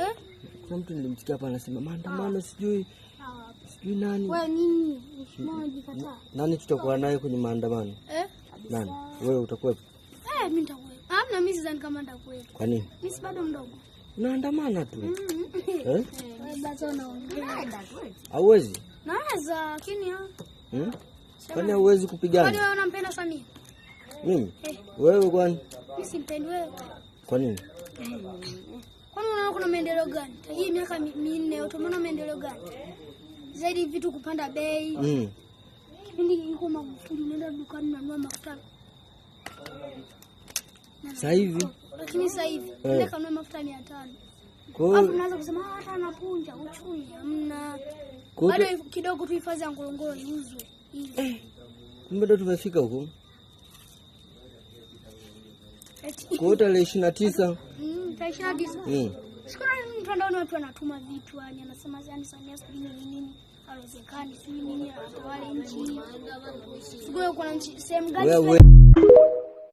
eh? Kuna mtu nilimsikia hapa anasema ah. maandamano sijui ah. sijui nani wewe nini unajikataa nani tutakuwa naye kwenye maandamano eh? Nani wewe utakuwa eh? Mimi nitakuwa hamna, mimi sidhani kama nitakuwa. Kwa nini? Mimi si bado mdogo, naandamana tu mm, mm, mm. eh? eh hauwezi naweza, lakini hmm? Kwani hauwezi kupigana? Kwani wewe unampenda Samia? Mimi? Eh. Wewe kwani? Mimi simpendi wewe. Kwa nini? Eh, Kwani unaona kuna maendeleo gani? Hii miaka minne yote umeona maendeleo gani? Zaidi vitu kupanda bei. Mm. niko Magufuli unaenda dukani unanunua mafuta. Sasa hivi. Lakini sasa hivi eh. ndio kanunua mafuta 500. Kwa kusema ah, hata uchumi hamna. Bado kidogo tu hifadhi ya Ngorongoro iuzwe. Eh. Kumbe ndo tumefika huko. Kwa tarehe ishirini na tisa mm. Tutashaagiza. Mm. Shukuru ni mtandaoni watu wanatuma vitu yani anasema yani Samia sijui nini nini hawezekani sijui nini atawale nchi. Sijui kuna nchi sehemu gani